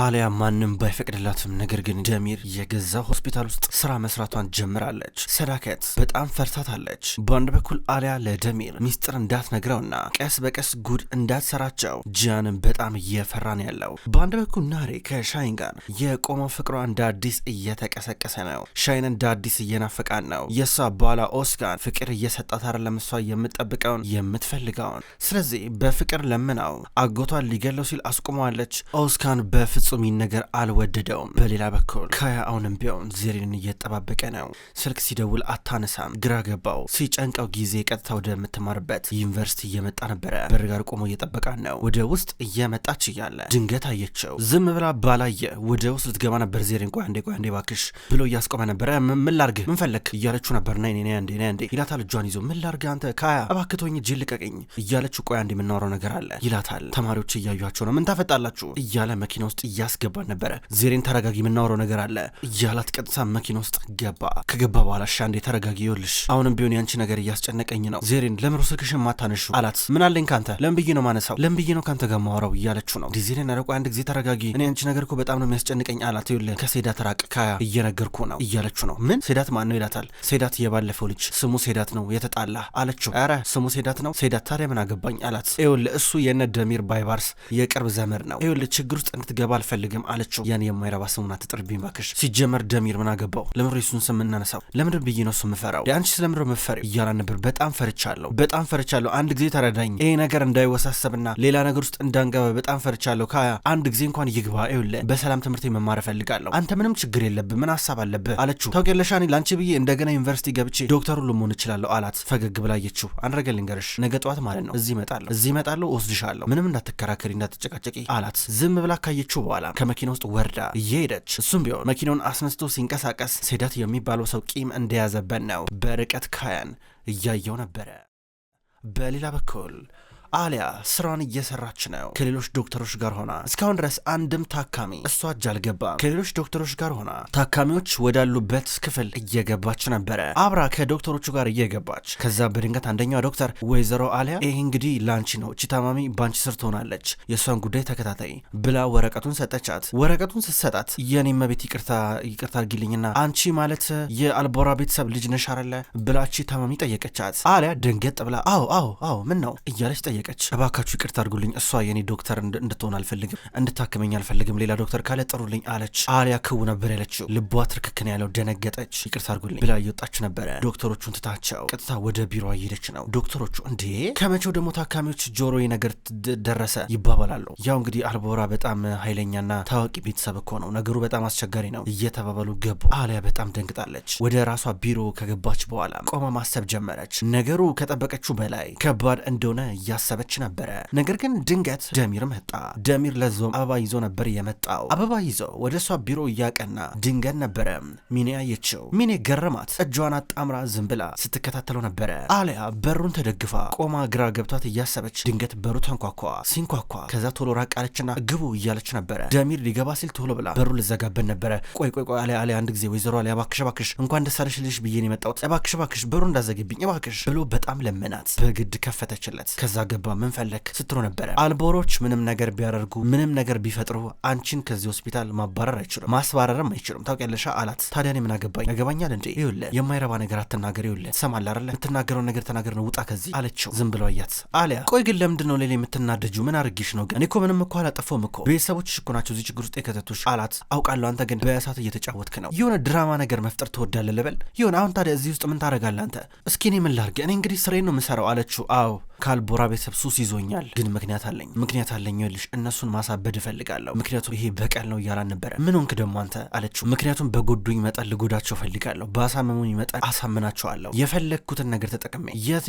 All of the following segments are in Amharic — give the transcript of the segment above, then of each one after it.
አሊያ ማንም ባይፈቅድላትም ነገር ግን ደሚር የገዛ ሆስፒታል ውስጥ ስራ መስራቷን ጀምራለች። ሰዳከት በጣም ፈርታታለች። በአንድ በኩል አሊያ ለደሚር ሚስጥር እንዳትነግረውና ቀስ በቀስ ጉድ እንዳትሰራቸው ጂያንም በጣም እየፈራ ነው ያለው። በአንድ በኩል ናሬ ከሻይን ጋር የቆመው ፍቅሯ እንደ አዲስ እየተቀሰቀሰ ነው። ሻይን እንደ አዲስ እየናፈቃን ነው። የእሷ ባሏ ኦስካን ፍቅር እየሰጣት አይደለም፣ ለምሷ የምትጠብቀውን የምትፈልገውን። ስለዚህ በፍቅር ለምናው አጎቷን ሊገለው ሲል አስቁመዋለች። ኦስካን በፍ በፍጹም ይህን ነገር አልወደደውም። በሌላ በኩል ካያ አሁንም ቢሆን ዜሬንን እየጠባበቀ ነው። ስልክ ሲደውል አታነሳም። ግራ ገባው። ሲጨንቀው ጊዜ ቀጥታ ወደምትማርበት ዩኒቨርሲቲ እየመጣ ነበረ። በር ጋር ቆሞ እየጠበቃት ነው። ወደ ውስጥ እየመጣች እያለ ድንገት አየችው። ዝም ብላ ባላየ ወደ ውስጥ ልትገባ ነበር። ዜሬን ቆይ አንዴ ቆይ አንዴ ባክሽ ብሎ እያስቆመ ነበረ። ምን ላርግህ? ምን ፈለክ? እያለችው ነበር። ና ኔ አንዴ ና አንዴ ይላታል፣ እጇን ይዞ ምን አንተ ካያ እባክቶኝ እጅ ልቀቀኝ እያለችው ቆይ አንዴ የምናወራው ነገር አለ ይላታል። ተማሪዎች እያዩቸው ነው። ምን ታፈጣላችሁ እያለ መኪና ውስጥ እያስገባ ነበረ። ዜሬን ተረጋጊ፣ የምናወራው ነገር አለ እያላት ቀጥታ መኪና ውስጥ ገባ። ከገባ በኋላ እሺ አንዴ ተረጋጊ፣ ይኸውልሽ አሁንም ቢሆን ያንቺ ነገር እያስጨነቀኝ ነው። ዜሬን ለምሮ ስልክሽን ማታነሹ አላት። ምን አለኝ ካንተ ለምብዬ ነው ማነሳው? ለምብዬ ነው ካንተ ጋር ማወራው እያለችው ነው። ዜሬን አረ አንድ ጊዜ ተረጋጊ፣ እኔ ያንቺ ነገር እኮ በጣም ነው የሚያስጨንቀኝ አላት። ይኸውልህ ከሴዳ ተራቅ፣ ካያ እየነገርኩ ነው እያለችው ነው። ምን ሴዳት ማን ነው ይላታል። ሴዳት የባለፈው ልጅ ስሙ ሴዳት ነው የተጣላ አለችው። አረ ስሙ ሴዳት ነው ሴዳት ታዲያ ምን አገባኝ አላት። ይኸውልህ እሱ የነ ደሚር ባይባርስ የቅርብ ዘመድ ነው። ይኸውልህ ችግር ውስጥ እንድትገባ አልፈልግም አለችው። ያን የማይረባ ስሙን አትጥሪብኝ ባክሽ። ሲጀመር ደሚር ምን አገባው? ለምድር የሱን ስም እናነሳው? ለምድር ብዬ ነው ስም ፈራው የአንቺ ስለምድር መፈሪ እያላ ነበር። በጣም ፈርቻለሁ፣ በጣም ፈርቻለሁ። አንድ ጊዜ ተረዳኝ፣ ይሄ ነገር እንዳይወሳሰብና ሌላ ነገር ውስጥ እንዳንገባ በጣም ፈርቻለሁ። ከያ አንድ ጊዜ እንኳን ይግባ። ይውለ። በሰላም ትምህርት መማር እፈልጋለሁ። አንተ ምንም ችግር የለብህ፣ ምን ሀሳብ አለብህ አለችው። ታውቂያለሽ እኔ ለአንቺ ብዬ እንደገና ዩኒቨርሲቲ ገብቼ ዶክተር ሁሉ መሆን እችላለሁ አላት። ፈገግ ብላ አየችው። አንድ ነገር ልንገርሽ፣ ነገ ጠዋት ማለት ነው እዚህ እመጣለሁ፣ እዚህ እመጣለሁ፣ ወስድሻለሁ። ምንም እንዳትከራከሪ፣ እንዳትጨቃጨቂ አላት። ዝም ብላ ካየችው በኋላ ከመኪና ውስጥ ወርዳ እየሄደች እሱም ቢሆን መኪናውን አስነስቶ ሲንቀሳቀስ ሴዳት የሚባለው ሰው ቂም እንደያዘበት ነው። በርቀት ካያን እያየው ነበረ። በሌላ በኩል አሊያ ስራዋን እየሰራች ነው። ከሌሎች ዶክተሮች ጋር ሆና እስካሁን ድረስ አንድም ታካሚ እሷ እጅ አልገባም። ከሌሎች ዶክተሮች ጋር ሆና ታካሚዎች ወዳሉበት ክፍል እየገባች ነበረ፣ አብራ ከዶክተሮቹ ጋር እየገባች ከዛ በድንገት አንደኛው ዶክተር ወይዘሮ አሊያ ይህ እንግዲህ ላንቺ ነው፣ እቺ ታማሚ ባንቺ ስር ትሆናለች፣ የእሷን ጉዳይ ተከታታይ ብላ ወረቀቱን ሰጠቻት። ወረቀቱን ስትሰጣት የኔ መቤት ይቅርታ ይቅርታ አድርጊልኝና አንቺ ማለት የአልቦራ ቤተሰብ ልጅ ነሽ አይደለ ብላቺ ታማሚ ጠየቀቻት። አሊያ ደንገጥ ብላ አዎ አዎ አዎ ምን ነው እያለች ጠየቀ ጠየቀች። እባካችሁ ይቅርታ አድርጉልኝ፣ እሷ የኔ ዶክተር እንድትሆን አልፈልግም፣ እንድታክመኝ አልፈልግም፣ ሌላ ዶክተር ካለ ጥሩልኝ አለች። አሊያ ክው ነበር ያለችው። ልቧ ትርክክን ያለው ደነገጠች። ይቅርታ አድርጉልኝ ብላ እየወጣች ነበረ። ዶክተሮቹን ትታቸው ቀጥታ ወደ ቢሮ እየሄደች ነው። ዶክተሮቹ እንዴ ከመቼው ደግሞ ታካሚዎች ጆሮ ነገር ደረሰ ይባባላሉ። ያው እንግዲህ አልቦራ በጣም ኃይለኛና ታዋቂ ቤተሰብ እኮ ነው፣ ነገሩ በጣም አስቸጋሪ ነው እየተባባሉ ገቡ። አሊያ በጣም ደንግጣለች። ወደ ራሷ ቢሮ ከገባች በኋላ ቆማ ማሰብ ጀመረች። ነገሩ ከጠበቀችው በላይ ከባድ እንደሆነ እያስ እያሰበች ነበረ። ነገር ግን ድንገት ደሚር መጣ። ደሚር ለዞም አበባ ይዞ ነበር የመጣው። አበባ ይዞ ወደ እሷ ቢሮ እያቀና ድንገት ነበረ ሚኔ ያየችው። ሚኔ ገረማት። እጇን አጣምራ ዝም ብላ ስትከታተለው ነበረ። አሊያ በሩን ተደግፋ ቆማ ግራ ገብቷት እያሰበች ድንገት በሩ ተንኳኳ። ሲንኳኳ ከዛ ቶሎ ራቅ አለችና ግቡ እያለች ነበረ። ደሚር ሊገባ ሲል ቶሎ ብላ በሩ ልዘጋበን ነበረ። ቆይ ቆይ ቆይ አሊያ አሊያ አንድ ጊዜ ወይዘሮ አሊያ ባክሽ ባክሽ፣ እንኳን ደስ አለሽ ልልሽ ብዬ የመጣሁት በሩ እንዳዘግብኝ ባክሽ ብሎ በጣም ለመናት። በግድ ከፈተችለት። ከዛ ገ አልገባ ምን ፈለክ ስትሮ ነበረ። አልቦሮች ምንም ነገር ቢያደርጉ ምንም ነገር ቢፈጥሩ አንቺን ከዚህ ሆስፒታል ማባረር አይችሉም፣ ማስባረርም አይችሉም። ታውቂያለሽ አላት። ታዲያን እኔ ምን አገባኝ? ያገባኛል እንዴ? ይኸውልህ የማይረባ ነገር አትናገር። ይኸውልህ ትሰማለህ አይደለ? የምትናገረውን ነገር ተናገር ነው፣ ውጣ ከዚህ አለችው። ዝም ብሎ አያት። አሊያ ቆይ ግን ለምንድን ነው ሌላ የምትናደጁ? ምን አርጊሽ ነው? ግን እኔ እኮ ምንም እኮ አላጠፋሁም እኮ ቤተሰቦች እኮ ናቸው እዚህ ችግር ውስጥ የከተቱሽ አላት። አውቃለሁ፣ አንተ ግን በእሳት እየተጫወትክ ነው። የሆነ ድራማ ነገር መፍጠር ትወዳለህ ልበል? ይሁን። አሁን ታዲያ እዚህ ውስጥ ምን ታደርጋለህ አንተ? እስኪ እኔ ምን ላርግ? እኔ እንግዲህ ስሬን ነው የምሰራው አለችው። አዎ ካልቦራ ቤተሰብ ሱስ ይዞኛል፣ ግን ምክንያት አለኝ ምክንያት አለኝ ልሽ እነሱን ማሳበድ እፈልጋለሁ። ምክንያቱም ይሄ በቀል ነው እያላን ነበረ። ምን ሆንክ ደግሞ አንተ አለችው። ምክንያቱም በጎዱኝ መጠን ልጎዳቸው እፈልጋለሁ፣ በአሳመሙኝ መጠን አሳምናቸዋለሁ። የፈለግኩትን ነገር ተጠቅሜ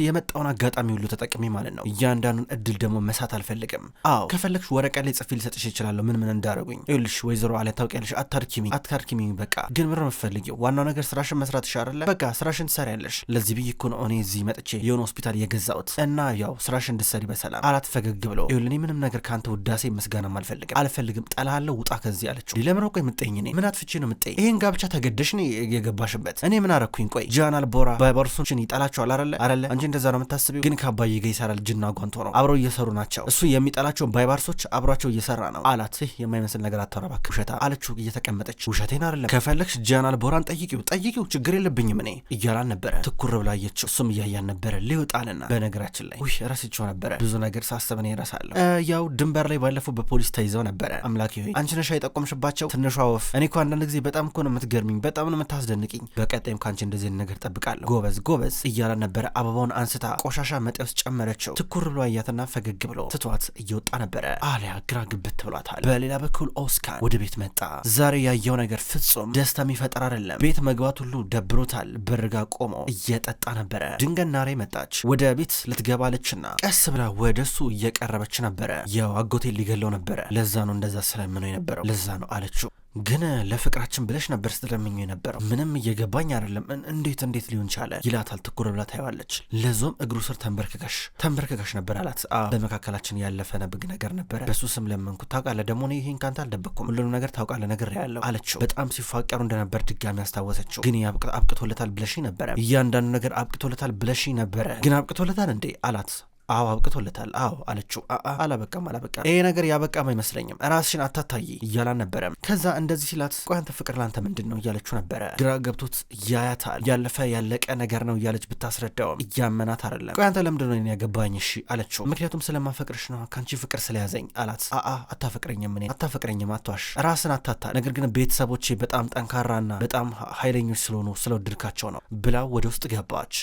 የመጣውን አጋጣሚ ሁሉ ተጠቅሜ ማለት ነው። እያንዳንዱን እድል ደግሞ መሳት አልፈልግም። አዎ ከፈለግሽ ወረቀት ላይ ጽፌ ልሰጥሽ ይችላለሁ፣ ምን ምን እንዳደረጉኝ ይልሽ። ወይዘሮ አለ ታውቂያለሽ፣ አታርኪሚ አታርኪሚ። በቃ ግን ምር የምትፈልጊው ዋናው ነገር ስራሽን መስራት ይሻላለ። በቃ ስራሽን ትሰሪያለሽ። ለዚህ ብዬ እኮ ነው እኔ እዚህ መጥቼ የሆነ ሆስፒታል የገዛሁት እና ያው ስራሽ እንድሰሪ በሰላም አላት ፈገግ ብለው። ይኸውልህ እኔ ምንም ነገር ከአንተ ውዳሴ ምስጋናም አልፈልግም አልፈልግም፣ ጠላሃለሁ፣ ውጣ ከዚህ አለችው። ለምን ቆይ የምጠኝ እኔ ምን አጥፍቼ ነው የምጠኝ? ይሄን ጋብቻ ተገደሽ የገባሽበት። እኔ ምን አረኩኝ? ቆይ ጃናል ቦራ ባይበርሱችን ይጠላቸዋል አለ አለ። እንጂ እንደዛ ነው የምታስቢው? ግን ከአባዬ ጋር ይሰራል ጅና ጓንቶ ነው አብረው እየሰሩ ናቸው። እሱ የሚጠላቸውን ባይባርሶች አብሯቸው እየሰራ ነው አላት። ይህ የማይመስል ነገር አታውራ እባክህ ውሸታ አለችው እየተቀመጠች። ውሸቴን አይደለም ከፈለግሽ ጃናል ቦራን ጠይቂው ጠይቂው ችግር የለብኝም እኔ እያላን ነበረ። ትኩር ብላ አየችው። እሱም እያያን ነበረ። ሊወጣልና በነገራችን ላይ ውይ ረስቸው ነበረ። ብዙ ነገር ሳስብ እኔ እረሳለሁ። ያው ድንበር ላይ ባለፈው በፖሊስ ተይዘው ነበረ። አምላክ ሆይ አንቺ ነሽ የጠቆምሽባቸው ትንሿ ወፍ። እኔ እኮ አንዳንድ ጊዜ በጣም እኮ ነው የምትገርሚኝ፣ በጣም ነው የምታስደንቅኝ። በቀጣይም ከአንቺ እንደዚህ ነገር ጠብቃለሁ። ጎበዝ ጎበዝ እያለ ነበረ። አበባውን አንስታ ቆሻሻ መጣያ ውስጥ ጨመረችው። ትኩር ብሎ አያትና ፈገግ ብሎ ትቷት እየወጣ ነበረ። አሊያ ግራ ግብት ብሏታል። በሌላ በኩል ኦስካን ወደ ቤት መጣ። ዛሬ ያየው ነገር ፍጹም ደስታ የሚፈጠር አይደለም። ቤት መግባት ሁሉ ደብሮታል። በርጋ ቆሞ እየጠጣ ነበረ። ድንገት ናሬ መጣች። ወደ ቤት ልትገባ አየችና ቀስ ብላ ወደሱ እየቀረበች ነበረ። ያው አጎቴ ሊገለው ነበረ፣ ለዛ ነው እንደዛ ስለምነው የነበረው ለዛ ነው አለችው። ግን ለፍቅራችን ብለሽ ነበር ስትለምኙ የነበረው ምንም እየገባኝ አይደለም፣ እንዴት እንዴት ሊሆን ቻለ ይላታል። ትኩር ብላ ታየዋለች። ለዞም እግሩ ስር ተንበርክከሽ ተንበርክከሽ ነበር አላት። በመካከላችን ያለፈ ነብግ ነገር ነበረ፣ በሱ ስም ለመንኩ። ታውቃለህ ደግሞ እኔ ይህን ካንተ አልደበኩም፣ ሁሉንም ነገር ታውቃለህ፣ ነግሬሃለሁ አለችው። በጣም ሲፋቀሩ እንደነበር ድጋሚ አስታወሰችው። ግን አብቅቶለታል ብለሽ ነበረ፣ እያንዳንዱ ነገር አብቅቶለታል ብለሽ ነበረ፣ ግን አብቅቶለታል እንዴ አላት። አዎ አብቅቶለታል፣ አዎ አለችው። አላበቃም አላበቃም፣ ይሄ ነገር ያበቃም አይመስለኝም፣ ራስሽን አታታይ እያላን ነበረም። ከዛ እንደዚህ ሲላት ቆይ አንተ ፍቅር ላንተ ምንድን ነው እያለችው ነበረ። ግራ ገብቶት ያያታል። ያለፈ ያለቀ ነገር ነው እያለች ብታስረዳውም እያመናት አይደለም። ቆይ አንተ ለምንድን ነው ያገባኝ? እሺ አለችው። ምክንያቱም ስለማፈቅርሽ ነው ከአንቺ ፍቅር ስለያዘኝ አላት። አአ አታፈቅረኝም፣ እኔ አታፈቅረኝም፣ አቷሽ ራስን አታታል። ነገር ግን ቤተሰቦቼ በጣም ጠንካራና በጣም ኃይለኞች ስለሆኑ ስለወደድካቸው ነው ብላ ወደ ውስጥ ገባች።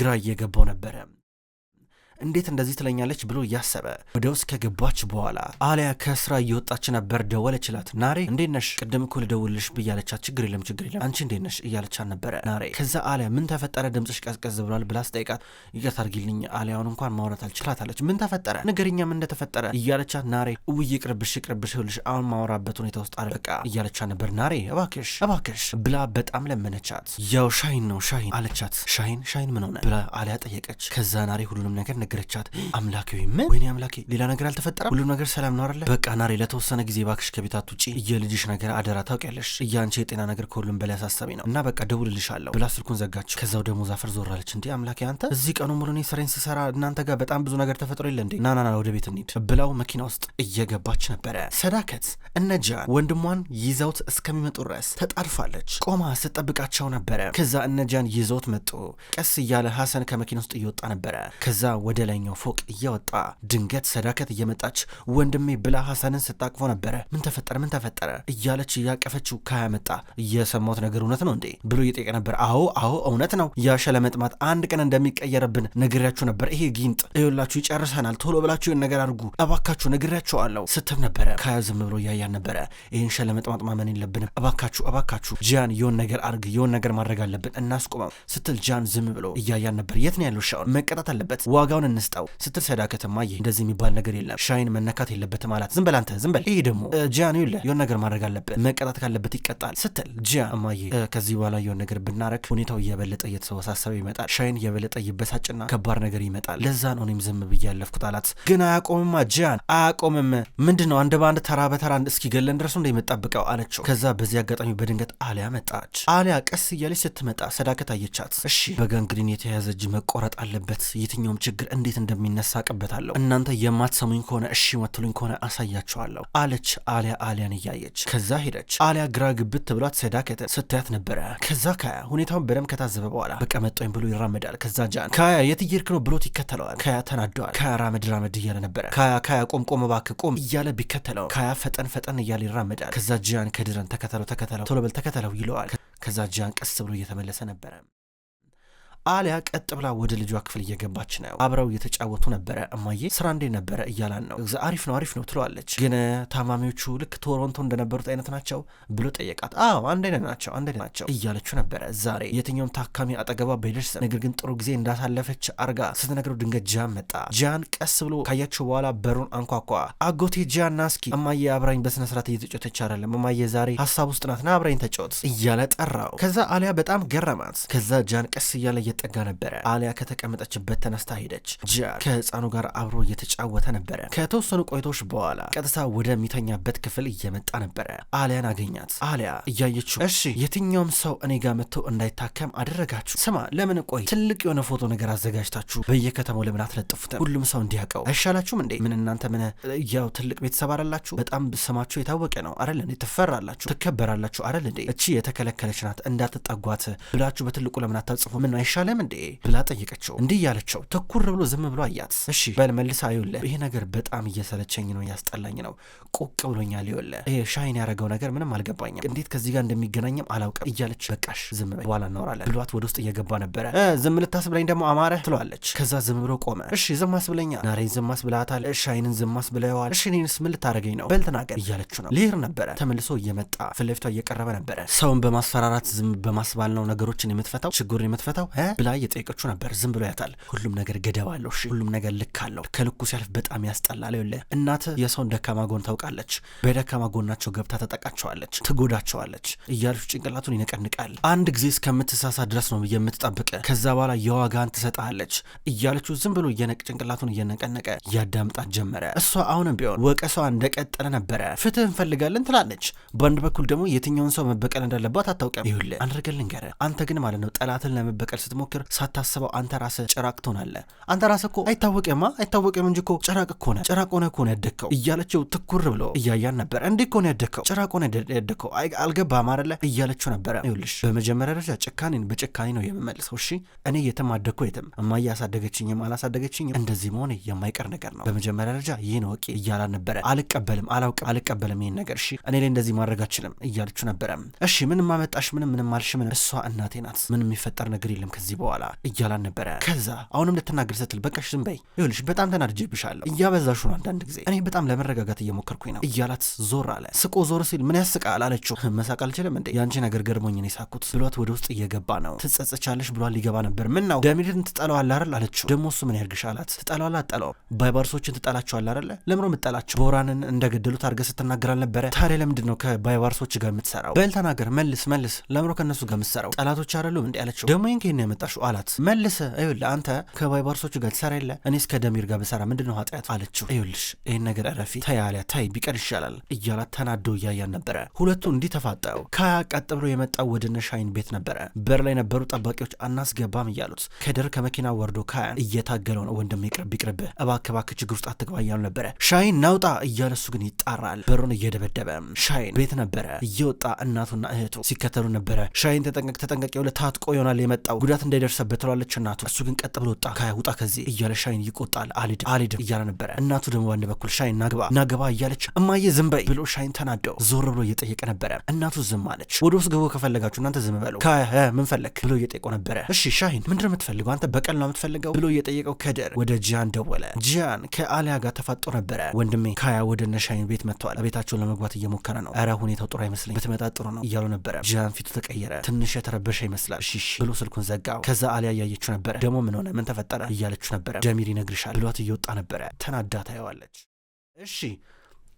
ግራ እየገባው ነበረ። እንዴት እንደዚህ ትለኛለች ብሎ እያሰበ ወደ ውስጥ ከገባች በኋላ አሊያ ከስራ እየወጣች ነበር። ደወለችላት። ናሬ እንዴት ነሽ? ቅድም እኮ ልደውልሽ ብያለቻት፣ ችግር የለም ችግር የለም አንቺ እንዴት ነሽ እያለቻት ነበረ ናሬ። ከዛ አሊያ ምን ተፈጠረ ድምፅሽ ቀዝቀዝ ብሏል ብላ ስጠይቃት፣ ይቅርታ አድርጊልኝ አሊያውን እንኳን ማውራት አልችላታለች። ምን ተፈጠረ ንገሪኛ፣ ምን እንደተፈጠረ እያለቻት ናሬ፣ ውይ ይቅርብሽ ይቅርብሽ፣ ይኸውልሽ አሁን ማውራበት ሁኔታ ውስጥ አለ በቃ እያለቻት ነበር ናሬ። እባክሽ እባክሽ ብላ በጣም ለመነቻት። ያው ሻሂን ነው ሻሂን አለቻት። ሻሂን ሻሂን ምን ሆነ ብላ አሊያ ጠየቀች። ከዛ ናሬ ሁሉንም ነገር ነገረቻት። አምላኬ ወይ ምን? ወይኔ አምላኬ፣ ሌላ ነገር አልተፈጠረም? ሁሉም ነገር ሰላም ነው አይደለ? በቃ ናሬ፣ ለተወሰነ ጊዜ ባክሽ ከቤታት ውጪ እየልጅሽ ነገር አደራ፣ ታውቂያለሽ እያንቺ የጤና ነገር ከሁሉም በላይ አሳሳቢ ነው እና በቃ ደውልልሻለሁ ብላ ስልኩን ዘጋችው። ከዛው ደግሞ ዛፈር ዞራለች። እንዴ አምላኬ፣ አንተ እዚህ ቀኑ ሙሉ እኔ ስራዬን ስሰራ እናንተ ጋር በጣም ብዙ ነገር ተፈጥሮ የለ እንዴ? ና፣ ወደ ቤት እንሂድ ብላው መኪና ውስጥ እየገባች ነበረ። ሰዳከት እነ ወንድሟን ይዘውት እስከሚመጡ ድረስ ተጣድፋለች። ቆማ ስጠብቃቸው ነበረ። ከዛ እነጃን ይዘውት መጡ። ቀስ እያለ ሀሰን ከመኪና ውስጥ እየወጣ ነበረ። ከዛ ወደ ላይኛው ፎቅ እያወጣ ድንገት ሰዳከት እየመጣች ወንድሜ ብላ ሀሰንን ስታቅፎ ነበረ። ምን ተፈጠረ ምን ተፈጠረ እያለች እያቀፈችው ካያ መጣ። ነገር እውነት ነው እንዴ ብሎ እየጠየቀ ነበር። አዎ አዎ እውነት ነው። ለመጥማት አንድ ቀን እንደሚቀየርብን ነግሬያችሁ ነበር። ይሄ ጊንጥ እዩላችሁ፣ ይጨርሰናል። ቶሎ ብላችሁ ይህን ነገር አድርጉ እባካችሁ ነግሬያችኋለሁ ስትም ነበረ። ካያ ዝም ብሎ እያያን ነበረ። ይህን ሸለመጥማጥ ማመን የለብንም እባካችሁ እባካችሁ፣ ጂያን የሆን ነገር አርግ፣ የሆን ነገር ማድረግ አለብን እናስቆመው ስትል ጂያን ዝም ብሎ እያያን ነበር። የት ነው ያለው? ሻውን መቀጣት አለበት ዋጋውን ሻውን እንስጠው ስትል ሰዳ ከተማ ይህ እንደዚህ የሚባል ነገር የለም ሻይን መነካት የለበትም አላት። ዝም በል አንተ ዝም በል። ይሄ ደግሞ ጂያን ይኸውልህ የሆነ ነገር ማድረግ አለበት መቀጣት ካለበት ይቀጣል ስትል ጂያን እማዬ ከዚህ በኋላ የሆነ ነገር ብናረግ ሁኔታው እየበለጠ እየተወሳሰበ ይመጣል። ሻይን እየበለጠ ይበሳጭና ከባድ ነገር ይመጣል። ለዛ ነው እኔም ዝም ብዬ ያለፍኩት አላት። ግን አያቆምማ ጂያን አያቆምም። ምንድን ነው አንድ በአንድ ተራ በተራ እስኪገለን ድረሱ እንደምጠብቀው አለችው። ከዛ በዚህ አጋጣሚ በድንገት አሊያ መጣች። አሊያ ቀስ እያለች ስትመጣ ሰዳከት አየቻት። እሺ በጋንግሪን የተያዘ እጅ መቆረጥ አለበት። የትኛውም ችግር እንዴት እንደሚነሳ አቅበታለሁ። እናንተ የማትሰሙኝ ከሆነ እሺ መትሉኝ ከሆነ አሳያችኋለሁ አለች አሊያ አሊያን እያየች። ከዛ ሄደች። አሊያ ግራ ግብት ብሏት ሰዳከትን ስታያት ነበረ። ከዛ ካያ ሁኔታውን በደንብ ከታዘበ በኋላ በቃ መጣኝ ብሎ ይራመዳል። ከዛ ጃን ካያ የት እየሄድክ ነው ብሎት ይከተለዋል። ካያ ተናደዋል። ካያ ራመድ ራመድ እያለ ነበረ። ካያ ካያ ቆም ቆም እባክህ ቆም እያለ ቢከተለው ካያ ፈጠን ፈጠን እያለ ይራመዳል። ከዛ ጃን ከድረን ተከተለው ተከተለው ቶሎ በል ተከተለው ይለዋል። ከዛ ጃን ቀስ ብሎ እየተመለሰ ነበረ። አሊያ ቀጥ ብላ ወደ ልጇ ክፍል እየገባች ነው። አብረው እየተጫወቱ ነበረ። እማዬ ስራ እንዴ ነበረ እያላን ነው። አሪፍ ነው አሪፍ ነው ትለዋለች። ግን ታማሚዎቹ ልክ ቶሮንቶ እንደነበሩት አይነት ናቸው ብሎ ጠየቃት። አዎ አንድ አይነት ናቸው አንድ አይነት ናቸው እያለችው ነበረ። ዛሬ የትኛውም ታካሚ አጠገቧ በደርስ ነገር ግን ጥሩ ጊዜ እንዳሳለፈች አርጋ ስትነግረው ድንገት ጃን መጣ። ጃን ቀስ ብሎ ካያቸው በኋላ በሩን አንኳኳ። አጎቴ ጃን ናስኪ እማዬ አብራኝ በስነስርዓት እየተጫወተች አይደለም እማዬ ዛሬ ሀሳብ ውስጥ ናትና አብራኝ ተጫወት እያለ ጠራው። ከዛ አሊያ በጣም ገረማት። ከዛ ጃን ቀስ እያለ ልጠጋ ነበረ። አሊያ ከተቀመጠችበት ተነስታ ሄደች። ጃክ ከህፃኑ ጋር አብሮ እየተጫወተ ነበረ። ከተወሰኑ ቆይቶች በኋላ ቀጥታ ወደሚተኛበት ክፍል እየመጣ ነበረ። አሊያን አገኛት። አሊያ እያየችው፣ እሺ የትኛውም ሰው እኔ ጋር መጥቶ እንዳይታከም አደረጋችሁ። ስማ ለምን ቆይ ትልቅ የሆነ ፎቶ ነገር አዘጋጅታችሁ በየከተማው ለምን አትለጥፉትም? ሁሉም ሰው እንዲያውቀው አይሻላችሁም እንዴ? ምን እናንተ ምን ያው ትልቅ ቤተሰብ አላላችሁ? በጣም ስማችሁ የታወቀ ነው አደል እንዴ? ትፈራላችሁ፣ ትከበራላችሁ አደል እንዴ? እቺ የተከለከለች ናት እንዳትጠጓት ብላችሁ በትልቁ ለምን አታጽፉ? ምን አይሻል አልቻለም እንዴ ብላ ጠየቀችው። እንዲህ እያለችው ትኩር ብሎ ዝም ብሎ አያት። እሺ በል መልሳ ይኸውልህ፣ ይሄ ነገር በጣም እየሰለቸኝ ነው፣ እያስጠላኝ ነው፣ ቁቅ ብሎኛል። ይኸውልህ ይሄ ሻይን ያደረገው ነገር ምንም አልገባኝም፣ እንዴት ከዚህ ጋር እንደሚገናኝም አላውቅም እያለች በቃሽ ዝም በይ በኋላ እናወራለን ብሏት ወደ ውስጥ እየገባ ነበረ። ዝም ልታስብለኝ ደግሞ አማረ ትሏለች። ከዛ ዝም ብሎ ቆመ። እሺ ዝም አስብለኛ፣ ናሬን ዝም አስብለታል፣ ሻይንን ዝም አስብለዋል። እሺ እኔንስ ምን ልታደረገኝ ነው? በል ተናገር እያለችው ነው። ሊሄድ ነበረ ተመልሶ እየመጣ ፊት ለፊቷ እየቀረበ ነበረ። ሰውን በማስፈራራት ዝም በማስባል ነው ነገሮችን የምትፈታው ችግሩን የምትፈታው ብላ እየጠየቀችው ነበር። ዝም ብሎ ያታል። ሁሉም ነገር ገደብ አለው። እሺ ሁሉም ነገር ልክ አለው። ከልኩ ሲያልፍ በጣም ያስጠላል። ይኸውልህ እናት የሰውን ደካማ ጎን ታውቃለች። በደካማ ጎናቸው ገብታ ተጠቃቸዋለች፣ ትጎዳቸዋለች እያለች ጭንቅላቱን ይነቀንቃል። አንድ ጊዜ እስከምትሳሳ ድረስ ነው የምትጠብቅ፣ ከዛ በኋላ የዋጋን ትሰጣለች እያለችው ዝም ብሎ እየነቅ ጭንቅላቱን እየነቀነቀ ያዳምጣት ጀመረ። እሷ አሁንም ቢሆን ወቀሷ እንደቀጠለ ነበረ። ፍትህ እንፈልጋለን ትላለች፣ በአንድ በኩል ደግሞ የትኛውን ሰው መበቀል እንዳለባት አታውቅም። ይሁል አንደርገልን ገረ አንተ ግን ማለት ነው ጠላትን ለመበቀል ስትሞ ስትሞክር ሳታስበው አንተ ራስ ጭራቅ ትሆናለ። አንተ ራስ እኮ አይታወቅማ አይታወቅም እንጂ እኮ ጭራቅ እኮ ነህ፣ ጭራቅ ሆነ እኮ ነህ ያደግከው እያለችው ትኩር ብሎ እያያን ነበር። እንዴ እኮ ነህ ያደግከው፣ ጭራቅ ሆነ ያደግከው አልገባህም አይደለ እያለችው ነበረ። ይኸውልሽ በመጀመሪያ ደረጃ ጭካኔን በጭካኔ ነው የምመልሰው። እሺ እኔ የትም አደግኩ የትም እማዬ አሳደገችኝም አላሳደገችኝም እንደዚህ መሆን የማይቀር ነገር ነው። በመጀመሪያ ደረጃ ይህን ወቂ እያላ ነበረ። አልቀበልም አላውቅም አልቀበልም ይህን ነገር እሺ እኔ ላይ እንደዚህ ማድረግ አችልም እያለችው ነበረ። እሺ ምንም አመጣሽ ምንም ምንም አልሽ ምንም እሷ እናቴ ናት። ምንም የሚፈጠር ነገር የለም ከዚህ በኋላ እያላን ነበረ። ከዛ አሁንም ልትናገር ስትል በቃሽ ዝም በይ ይኸውልሽ፣ በጣም ተናድጄብሻለሁ፣ እያበዛሽ ነው አንዳንድ ጊዜ እኔ በጣም ለመረጋጋት እየሞከርኩኝ ነው እያላት ዞር አለ። ስቆ ዞር ሲል ምን ያስቃል አለችው። መሳቅ አልችልም እንዴ ያንቺ ነገር ገርሞኝ ነው የሳቅሁት ብሏት ወደ ውስጥ እየገባ ነው። ትጸጸቻለሽ ብሏል። ሊገባ ነበር። ምን ነው ደሚድን ትጠላዋለህ አይደል አለችው። ደግሞ እሱ ምን ያርግሽ አላት። ትጠላዋለህ አትጠላውም? ባይባርሶችን ትጠላቸዋለህ አይደለ? ለምሮ የምትጠላቸው ቦራንን እንደገደሉት አድርገህ ስትናገር አልነበረ? ታዲያ ለምንድን ነው ከባይባርሶች ጋር የምትሰራው? በል ተናገር፣ መልስ መልስ። ለምሮ ከእነሱ ጋር የምትሰራው ጠላቶች አይደሉም እንዴ አለችው። ደግሞ ይህን የመጣሽው አላት። መልሰ ይኸውልህ አንተ ከባይባርሶቹ ጋር ትሰራ የለ እኔ እስከ ደሚር ጋር ብሰራ ምንድን ነው ኃጢአት አለችው። ይኸውልሽ ይህን ነገር እረፊ ተያሊያ ታይ ቢቀር ይሻላል እያላት ተናዶ እያያን ነበረ። ሁለቱ እንዲህ ተፋጠው ከሀያ ቀጥ ብሎ የመጣው ወደነ ሻይን ቤት ነበረ። በር ላይ ነበሩ ጠባቂዎች አናስገባም እያሉት ከደር ከመኪና ወርዶ ካያን እየታገለው ነው። ወንድም ይቅርብ ይቅርብ፣ እባክህ እባክህ ችግር ውስጥ አትግባ እያሉ ነበረ። ሻይን ናውጣ እያለ እሱ ግን ይጣራል። በሩን እየደበደበ ሻይን ቤት ነበረ እየወጣ እናቱና እህቱ ሲከተሉ ነበረ። ሻይን ተጠንቀቅ ተጠንቀቅ፣ የሆነ ታጥቆ ይሆናል የመጣው ጉዳት እንዳይደርሰበት ትለዋለች እናቱ። እሱ ግን ቀጥ ብሎ ወጣ ከውጣ ከዚህ እያለ ሻይን ይቆጣል። አልሄድም አልሄድም እያለ ነበረ። እናቱ ደግሞ በአንድ በኩል ሻይን ናግባ ናግባ እያለች እማዬ ዝም በይ ብሎ ሻይን ተናደው ዞር ብሎ እየጠየቀ ነበረ። እናቱ ዝም አለች። ወደ ውስጥ ግቡ ከፈለጋችሁ እናንተ ዝም በለው ምን ፈለግ ብሎ እየጠየቀው ነበረ። እሺ ሻይን ምንድነው የምትፈልገው አንተ በቀል ነው የምትፈልገው ብሎ እየጠየቀው ከደር ወደ ጂያን ደወለ። ጂያን ከአሊያ ጋር ተፋጦ ነበረ። ወንድሜ ካያ ወደ እነ ሻይን ቤት መጥተዋል። ቤታቸውን ለመግባት እየሞከረ ነው። ኧረ ሁኔታው ጥሩ አይመስለኝ ብትመጣ ጥሩ ነው እያሉ ነበረ። ጂያን ፊቱ ተቀየረ። ትንሽ የተረበሸ ይመስላል። እሺ ብሎ ስልኩን ዘጋ። ከዛ አሊያ እያየችው ነበረ። ደግሞ ምን ሆነ ምን ተፈጠረ እያለችው ነበረ። ጀሚር ይነግርሻል ብሏት እየወጣ ነበረ። ተናዳ ታየዋለች። እሺ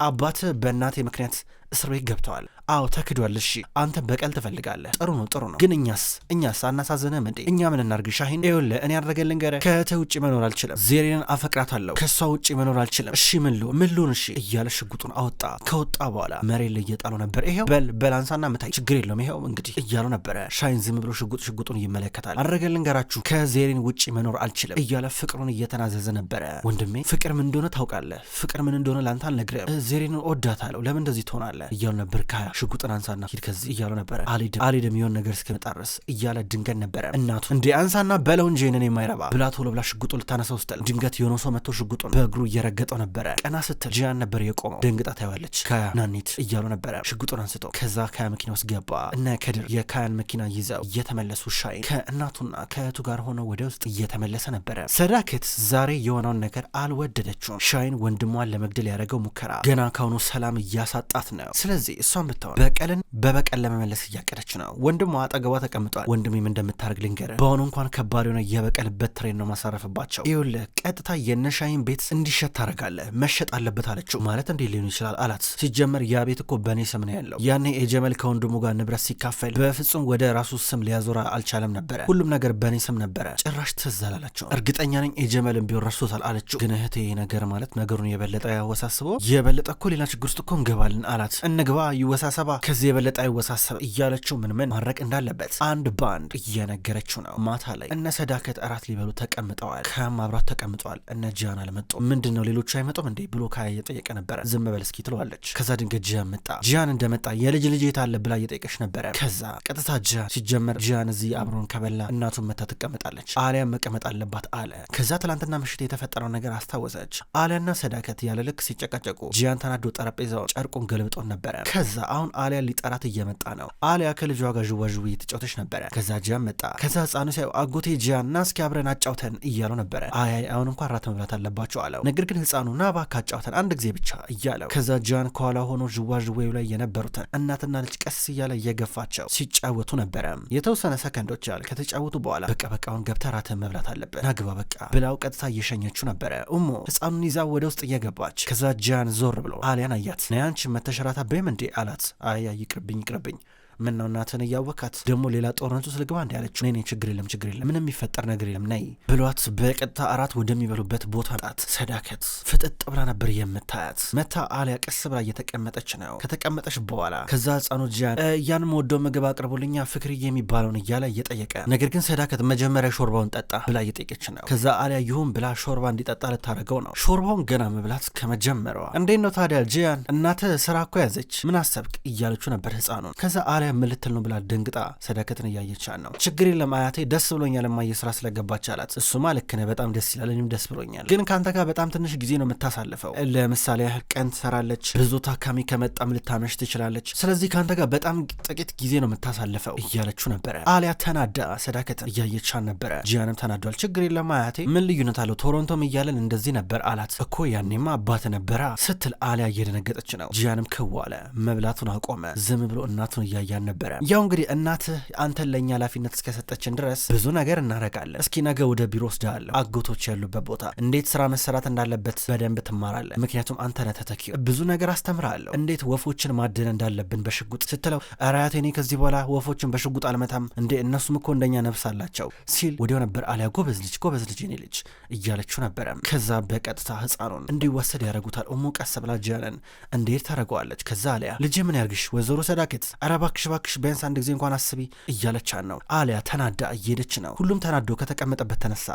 አባት በእናቴ ምክንያት እስር ቤት ገብተዋል። አዎ ተክዷል። እሺ አንተ በቀል ትፈልጋለህ። ጥሩ ነው ጥሩ ነው ግን እኛስ እኛስ አናሳዝንም እንዴ? እኛ ምን እናርግ ሻሂን? ይኸውልህ እኔ ያደረገልን ገረ ከእህቴ ውጭ መኖር አልችልም። ዜሬንን አፈቅራታለሁ። ከእሷ ውጭ መኖር አልችልም። እሺ ምን ልሁን ምን ልሁን? እሺ እያለ ሽጉጡን አወጣ። ከወጣ በኋላ መሬት ላይ እየጣለው ነበር። ይሄው በል በላንሳና ምታይ፣ ችግር የለውም ይሄው እንግዲህ እያለው ነበረ። ሻሂን ዝም ብሎ ሽጉጥ ሽጉጡን ይመለከታል። አደረገልን ገራችሁ ከዜሬን ውጭ መኖር አልችልም እያለ ፍቅሩን እየተናዘዘ ነበረ። ወንድሜ ፍቅር ምን እንደሆነ ታውቃለህ። ፍቅር ምን እንደሆነ ላንተ አልነግርህም። ዜሬንን ወዳታለሁ። ለምን እንደዚህ ትሆናል ትችላለህ እያሉ ነበር። ካያ ሽጉጥን አንሳና ሂድ ከዚህ እያሉ ነበረ። አልሄድም የሆነ ነገር እስኪመጣ እያለ ድንገት ነበረ እናቱ እንዴ አንሳና በለው እንጂ እኔን የማይረባ ብላ ቶሎ ብላ ሽጉጡ ልታነሳ ውስጠል ድንገት የሆነ ሰው መጥቶ ሽጉጡን በእግሩ እየረገጠው ነበረ። ቀና ስትል ጂያን ነበር የቆመው። ደንግጣ ታየዋለች። ካያ ናኒት እያሉ ነበረ። ሽጉጡን አንስቶ ከዛ ካያ መኪና ውስጥ ገባ። እነ ከድር የካያን መኪና ይዘው እየተመለሱ ሻይ ከእናቱና ከእህቱ ጋር ሆነው ወደ ውስጥ እየተመለሰ ነበረ። ሰዳክት ዛሬ የሆነውን ነገር አልወደደችውም። ሻይን ወንድሟን ለመግደል ያደረገው ሙከራ ገና ካሁኑ ሰላም እያሳጣት ነው። ነው። ስለዚህ እሷ የምትሆን በቀልን በበቀል ለመመለስ እያቀደች ነው። ወንድሟ አጠገቧ ተቀምጧል። ወንድሜም እንደምታደርግ ልንገር፣ በአሁኑ እንኳን ከባድ የሆነ የበቀል በትሬን ነው ማሳረፍባቸው። ይኸውልህ ቀጥታ የነሻይን ቤት እንዲሸጥ ታደርጋለህ። መሸጥ አለበት አለችው። ማለት እንዲ ሊሆን ይችላል አላት። ሲጀመር ያ ቤት እኮ በእኔ ስም ነው ያለው። ያኔ የጀመል ከወንድሙ ጋር ንብረት ሲካፈል በፍጹም ወደ ራሱ ስም ሊያዞራ አልቻለም ነበረ። ሁሉም ነገር በእኔ ስም ነበረ። ጭራሽ ትዝ አላላቸው። እርግጠኛ ነኝ የጀመልን ቢሆን ረስቶታል አለችው። ግን እህቴ ነገር ማለት ነገሩን የበለጠ ያወሳስበው የበለጠ እኮ ሌላ ችግር ውስጥ እኮ እንገባልን አላት። እንግባ ይወሳሰባ ከዚህ የበለጠ አይወሳሰብ እያለችው ምን ምን ማድረግ እንዳለበት አንድ ባንድ እየነገረችው ነው። ማታ ላይ እነ ሰዳከት እራት ሊበሉ ተቀምጠዋል። ከማብራት ተቀምጠዋል። እነ ጂያን አልመጡ። ምንድን ነው ሌሎቹ አይመጡም እንዴ ብሎ ካያ እየጠየቀ ነበረ። ዝም በል እስኪ ትለዋለች። ከዛ ድንገት ጂያን መጣ። ጂያን እንደመጣ የልጅ ልጅ የት አለ ብላ እየጠየቀች ነበረ። ከዛ ቀጥታ ጂያን ሲጀመር ጂያን እዚህ አብሮን ከበላ እናቱን መታ ትቀመጣለች፣ አሊያ መቀመጥ አለባት አለ። ከዛ ትላንትና ምሽት የተፈጠረው ነገር አስታወሰች። አሊያና ሰዳከት ያለ ልክ ሲጨቃጨቁ ጂያን ተናዶ ጠረጴዛውን ጨርቁን ገልብጦ አሁን ነበረ። ከዛ አሁን አሊያ ሊጠራት እየመጣ ነው። አሊያ ከልጇ ጋር ዥዋዥዌ እየተጫወተች ነበረ። ከዛ ጂያን መጣ። ከዛ ህፃኑ ሲያዩ አጎቴ ጂያን ና እስኪ አብረን አጫውተን እያሉ ነበረ። አያይ አሁን እንኳ ራት መብላት አለባቸው አለው። ነገር ግን ህፃኑ ና እባክህ አጫውተን አንድ ጊዜ ብቻ እያለው ከዛ ጂያን ከኋላ ሆኖ ዥዋዥዌው ላይ የነበሩትን እናትና ልጅ ቀስ እያለ እየገፋቸው ሲጫወቱ ነበረ። የተወሰነ ሰከንዶች ያህል ከተጫወቱ በኋላ በቃ በቃ አሁን ገብተህ ራትህን መብላት አለብን ናግባ በቃ ብላው ቀጥታ እየሸኘችው ነበረ። እሞ ህፃኑን ይዛ ወደ ውስጥ እየገባች ከዛ ጂያን ዞር ብሎ አሊያን አያት። ነይ አንቺ መተሽ ራት አታበይም እንዴ አላት። አያ ይቅርብኝ ይቅርብኝ ምን ነው እናትን እያወካት ደግሞ ሌላ ጦርነቱ ስልግባ እንዲ ያለችው ነኔ ችግር የለም ችግር የለም ምንም የሚፈጠር ነገር የለም ነይ ብሏት በቀጥታ አራት ወደሚበሉበት ቦታ ጣት ሰዳከት ፍጥጥ ብላ ነበር የምታያት። መታ አሊያ ቀስ ብላ እየተቀመጠች ነው። ከተቀመጠች በኋላ ከዛ ህፃኑ ጂያን ያንም ወደው ምግብ አቅርቦልኛ ፍቅር የሚባለውን እያለ እየጠየቀ ነገር ግን ሰዳከት መጀመሪያ ሾርባውን ጠጣ ብላ እየጠየቀች ነው። ከዛ አሊያ ይሁን ብላ ሾርባ እንዲጠጣ ልታደርገው ነው። ሾርባውን ገና መብላት ከመጀመሪያዋ እንዴት ነው ታዲያ ጂያን እናተ ስራ እኮ ያዘች ምን አሰብክ እያለችው ነበር ህፃኑን ከዛ አሊያ ማርያ ምልትል ነው ብላ ደንግጣ ሰዳከትን እያየቻት ነው። ችግር የለም አያቴ፣ ደስ ብሎኛል ማየ ስራ ስለገባች አላት። እሱማ ልክ ነህ፣ በጣም ደስ ይላል፣ እኔም ደስ ብሎኛል። ግን ከአንተ ጋር በጣም ትንሽ ጊዜ ነው የምታሳልፈው። ለምሳሌ ያህል ቀን ትሰራለች፣ ብዙ ታካሚ ከመጣም ልታመሽ ትችላለች። ስለዚህ ከአንተ ጋር በጣም ጥቂት ጊዜ ነው የምታሳልፈው እያለችው ነበረ። አሊያ ተናዳ ሰዳከትን እያየቻት ነበረ። ጂያንም ተናዷል። ችግር የለም አያቴ፣ ምን ልዩነት አለው? ቶሮንቶም እያለን እንደዚህ ነበር አላት። እኮ ያኔማ አባት ነበራ ስትል አሊያ እየደነገጠች ነው። ጂያንም ክዋለ መብላቱን አቆመ። ዝም ብሎ እናቱን እያያ እያሳያን ነበረ። ያው እንግዲህ እናትህ አንተን ለእኛ ኃላፊነት እስከሰጠችን ድረስ ብዙ ነገር እናረጋለን። እስኪ ነገ ወደ ቢሮ ወስድሃለሁ፣ አጎቶች ያሉበት ቦታ እንዴት ስራ መሰራት እንዳለበት በደንብ ትማራለህ። ምክንያቱም አንተ ነህ ተተኪው። ብዙ ነገር አስተምርሃለሁ፣ እንዴት ወፎችን ማደን እንዳለብን በሽጉጥ ስትለው፣ ኧረ አያቴ እኔ ከዚህ በኋላ ወፎችን በሽጉጥ አልመታም እንዴ እነሱም እኮ እንደኛ ነፍስ አላቸው ሲል ወዲያው ነበር አሊያ ጎበዝ ልጅ ጎበዝ ልጅ እኔ ልጅ እያለችው ነበረ። ከዛ በቀጥታ ህፃኑን እንዲወሰድ ያደረጉታል። ሞ ቀስ ብላ ጀነን እንዴት ታደረገዋለች። ከዛ አሊያ ልጅ ምን ያርግሽ ወይዘሮ ሰዳከት አረባክሽ ባክሽ ቢያንስ አንድ ጊዜ እንኳን አስቢ እያለቻን ነው። አሊያ ተናዳ እየሄደች ነው። ሁሉም ተናዶ ከተቀመጠበት ተነሳ።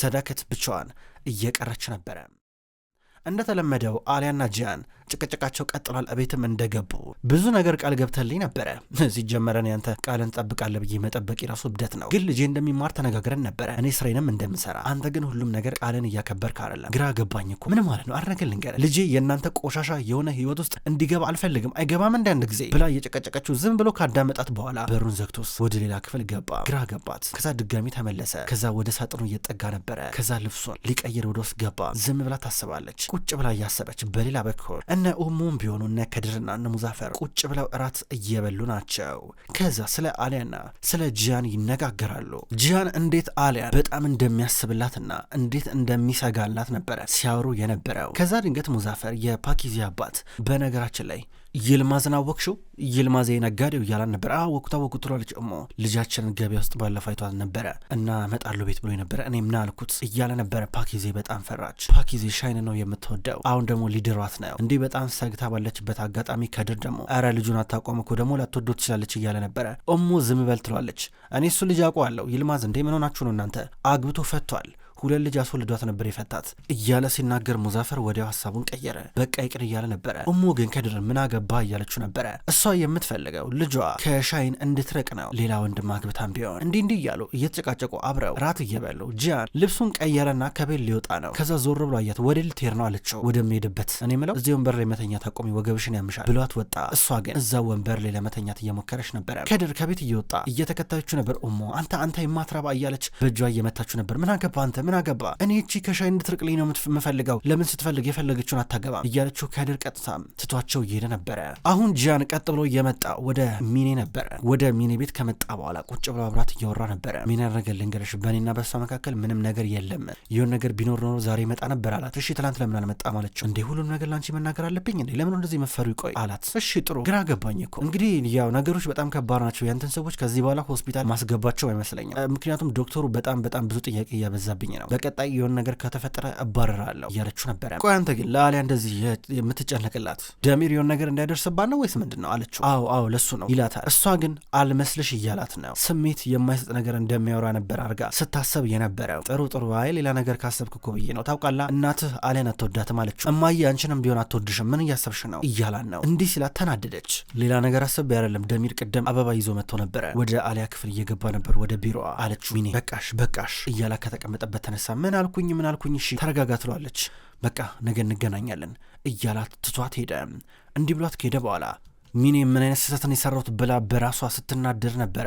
ሰዳከት ብቻዋን እየቀረች ነበረ። እንደተለመደው አሊያና ጂያን ጭቅጭቃቸው ቀጥሏል። እቤትም እንደገቡ ብዙ ነገር ቃል ገብተልኝ ነበረ። ሲጀመረን ያንተ ቃልን ጠብቃለህ ብዬ መጠበቅ የራሱ እብደት ነው። ግን ልጄ እንደሚማር ተነጋግረን ነበረ፣ እኔ ስሬንም እንደምሰራ። አንተ ግን ሁሉም ነገር ቃልን እያከበርክ አይደለም። ግራ ገባኝ እኮ ምን ማለት ነው? አረገ ንገረ ልጄ የእናንተ ቆሻሻ የሆነ ህይወት ውስጥ እንዲገባ አልፈልግም። አይገባም እንደ አንድ ጊዜ ብላ እየጨቀጨቀችው ዝም ብሎ ካዳመጣት በኋላ በሩን ዘግቶስ ወደ ሌላ ክፍል ገባ። ግራ ገባት። ከዛ ድጋሚ ተመለሰ። ከዛ ወደ ሳጥኑ እየጠጋ ነበረ። ከዛ ልብሷን ሊቀይር ወደ ውስጥ ገባ። ዝም ብላ ታስባለች፣ ቁጭ ብላ እያሰበች በሌላ በኩል እነ ኡሙም ቢሆኑ እነ ከድርና እነ ሙዛፈር ቁጭ ብለው እራት እየበሉ ናቸው። ከዛ ስለ አሊያና ስለ ጂያን ይነጋገራሉ። ጂያን እንዴት አሊያን በጣም እንደሚያስብላትና እንዴት እንደሚሰጋላት ነበረ ሲያወሩ የነበረው። ከዛ ድንገት ሙዛፈር የፓኪዚ አባት በነገራችን ላይ ይልማዝን አወቅሽው? ይልማዝ ነጋዴው እያላን ነበር። አ ወቅቱ አወቁ ትሏለች። እሞ ልጃችንን ገበያ ውስጥ ባለፈው አይቷት ነበረ እና እመጣለሁ ቤት ብሎ ነበረ እኔ ምን አልኩት እያለ ነበረ። ፓኪዜ በጣም ፈራች። ፓኪዜ ሻይን ነው የምትወደው። አሁን ደግሞ ሊድሯት ነው። እንዲህ በጣም ሰግታ ባለችበት አጋጣሚ ከድር ደግሞ ኧረ ልጁን አታቋም እኮ ደግሞ ላትወዶ ትችላለች እያለ ነበረ። እሞ ዝም በል ትሏለች። እኔ እሱ ልጅ አውቀዋለሁ። ይልማዝ እንዴ ምን ሆናችሁ ነው እናንተ? አግብቶ ፈቷል። ሁለት ልጅ አስወልዷት ነበር የፈታት እያለ ሲናገር ሙዛፈር ወዲያው ሀሳቡን ቀየረ። በቃ ይቅር እያለ ነበረ። እሙ ግን ከድር ምን አገባ እያለችው ነበረ። እሷ የምትፈልገው ልጇ ከሻይን እንድትረቅ ነው። ሌላ ወንድም አግብታም ቢሆን እንዲህ እንዲህ እያሉ እየተጨቃጨቁ አብረው ራት እየበሉ ጂያን ልብሱን ቀየረና ከቤት ሊወጣ ነው። ከዛ ዞር ብሎ አያት። ወደ ልትሄድ ነው አለችው። ወደሚሄድበት እኔ ምለው እዚህ ወንበር ላይ መተኛት አቆሚ፣ ወገብሽን ያምሻል ብሏት ወጣ። እሷ ግን እዛ ወንበር ላይ ለመተኛት እየሞከረች ነበረ። ከድር ከቤት እየወጣ እየተከታዮቹ ነበር። እሞ አንተ አንተ የማትረባ እያለች በእጇ እየመታችሁ ነበር። ምን አገባ አንተ ምን አገባ እኔ እቺ ከሻይ እንድትርቅልኝ ነው የምፈልገው። ለምን ስትፈልግ የፈለገችውን አታገባ እያለችው ከድር ቀጥታ ትቷቸው እየሄደ ነበረ። አሁን ጂያን ቀጥ ብሎ እየመጣ ወደ ሚኔ ነበረ። ወደ ሚኔ ቤት ከመጣ በኋላ ቁጭ ብሎ አብራት እያወራ ነበረ። ሚኔ ያደረገ ልንገርሽ፣ በእኔና በሷ መካከል ምንም ነገር የለም። ይሁን ነገር ቢኖር ኖሮ ዛሬ ይመጣ ነበር አላት። እሺ ትላንት ለምን አልመጣም አለችው። እንዴ ሁሉም ነገር ለአንቺ መናገር አለብኝ እንዴ? ለምን እንደዚህ መፈሩ ይቆይ አላት። እሺ ጥሩ፣ ግራ ገባኝ እኮ እንግዲህ ያው ነገሮች በጣም ከባድ ናቸው። ያንተን ሰዎች ከዚህ በኋላ ሆስፒታል ማስገባቸው አይመስለኛል። ምክንያቱም ዶክተሩ በጣም በጣም ብዙ ጥያቄ እያበዛብኝ ነው፣ በቀጣይ የሆነ ነገር ከተፈጠረ እባረራለሁ እያለችው ነበረ። ቆይ አንተ ግን ለአሊያ እንደዚህ የምትጨነቅላት ደሚር የሆነ ነገር እንዳይደርስባት ነው ወይስ ምንድን ነው አለችው። አዎ አዎ ለሱ ነው ይላታል። እሷ ግን አልመስልሽ እያላት ነው። ስሜት የማይሰጥ ነገር እንደሚያወራ ነበር አርጋ ስታሰብ የነበረው። ጥሩ ጥሩ፣ አይ ሌላ ነገር ካሰብክ እኮ ብዬ ነው። ታውቃላ እናትህ አሊያን አትወዳትም አለችው። እማዬ አንቺንም ቢሆን አትወድሽም፣ ምን እያሰብሽ ነው እያላት ነው። እንዲህ ሲላት ተናደደች። ሌላ ነገር አሰብ አይደለም ደሚር ቅደም አበባ ይዞ መጥቶ ነበረ። ወደ አሊያ ክፍል እየገባ ነበር ወደ ቢሮዋ አለችው። ሚኔ በቃሽ በቃሽ እያላ ከተቀመጠበት ተነሳ። ምን አልኩኝ ምን አልኩኝ? እሺ ተረጋጋ ትሏለች። በቃ ነገ እንገናኛለን እያላት ትቷት ሄደ። እንዲህ ብሏት ከሄደ በኋላ ሚኔ ምን አይነት ስህተትን የሰራሁት ብላ በራሷ ስትናደር ነበረ።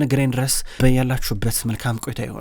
እስከምንገናኝ ድረስ በያላችሁበት መልካም ቆይታ ይሆን።